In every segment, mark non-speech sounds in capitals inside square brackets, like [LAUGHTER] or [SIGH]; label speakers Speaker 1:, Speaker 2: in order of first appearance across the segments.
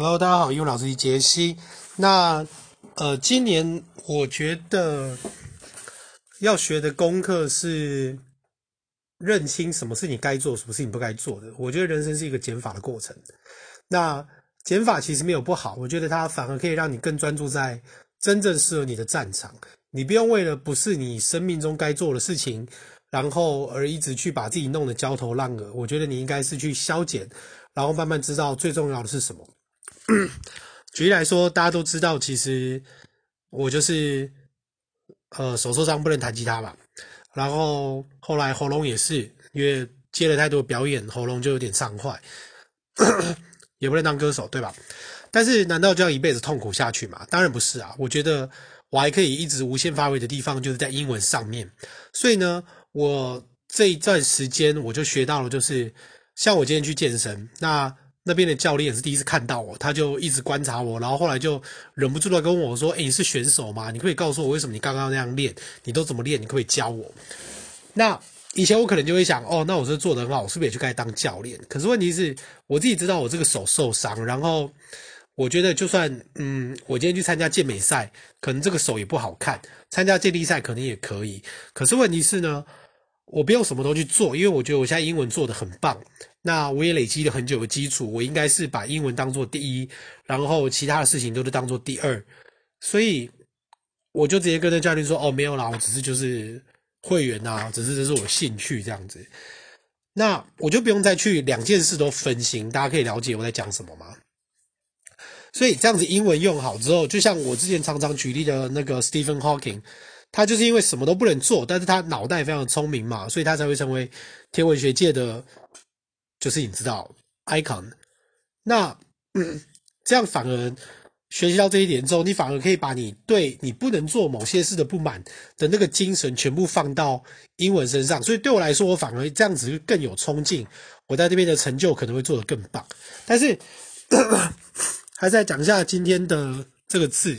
Speaker 1: Hello，大家好，英文老師傑西。那呃，今年我覺得要學的功課是認清什麼是你該做，什麼是你不該做的。我覺得人生是一個減法的過程。那減法其實沒有不好，我覺得它反而可以讓你更專注在真正適合你的戰場。你不用為了不是你生命中該做的事情，然後而一直去把自己弄得焦頭爛額。我覺得你應該是去消減，然後慢慢知道最重要的是什麼。 [COUGHS] 舉例來說，大家都知道，其實我就是呃手受傷不能彈吉他吧？然後後來喉嚨也是因為接了太多的表演，喉嚨就有點傷壞， [COUGHS] 也不能當歌手，對吧？但是難道就要一輩子痛苦下去嗎？當然不是啊！我覺得我還可以一直無限發揮的地方就是在英文上面，所以呢，我這一段時間我就學到了，就是像我今天去健身那。那邊的教練也是第一次看到我，他就一直觀察我，然後後來就忍不住的跟我說：“誒、欸，你是選手嗎？你可，可以告訴我為什麼你剛剛那樣練，你都怎麼練？你可，可以教我？”那以前我可能就會想：“哦，那我是做得很好，我是不是也去該當教練？”可是問題是，我自己知道我這個手受傷，然後我覺得就算嗯，我今天去參加健美賽，可能這個手也不好看；參加健力賽可能也可以。可是問題是呢？我不用什麼都去做，因為我覺得我現在英文做的很棒，那我也累積了很久的基礎，我應該是把英文當做第一，然後其他的事情都是當做第二，所以我就直接跟那教練說：“哦，沒有啦，我只是就是會員吶、啊，只是這是我興趣這樣子。”那我就不用再去兩件事都分心，大家可以了解我在講什麼嗎？所以這樣子英文用好之後，就像我之前常常舉例的那個 Stephen Hawking。他就是因為什麼都不能做，但是他腦袋也非常聰明嘛，所以他才會成為天文學界的，就是你知道 icon。那，嗯，這樣反而學習到這一點之後，你反而可以把你對你不能做某些事的不滿的那個精神全部放到英文身上，所以對我來說，我反而這樣子更有衝勁，我在這邊的成就可能會做得更棒。但是，咳咳還是來講一下今天的這個字。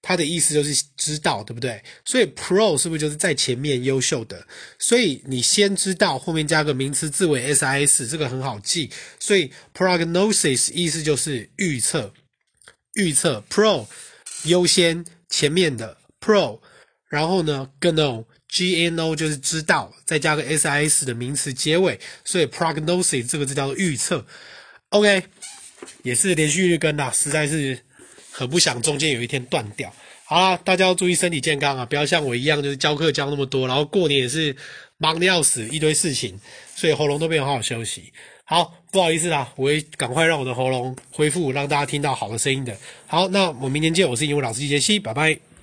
Speaker 1: 它的意思就是知道，對不對？所以 pro 是不是就是在前面優秀的？所以你先知道，後面加個名詞字尾 s i s，這個很好記。所以 prognosis 意思就是預測，預測 pro 優先前面的 pro，然後呢，g n o g n o 就是知道，再加個 s i s 的名詞結尾，所以 prognosis 這個字叫做預測。OK，也是連續日更啦，實在是。可不想中間有一天斷掉。好啦，大家要注意身體健康啊！不要像我一樣，就是教課教那麼多，然後過年也是忙的要死，一堆事情，所以喉嚨都沒有好好休息。好，不好意思啦，我會趕快讓我的喉嚨恢復，讓大家聽到好的聲音的。好，那我明天見，我是英文老師機傑西，拜拜。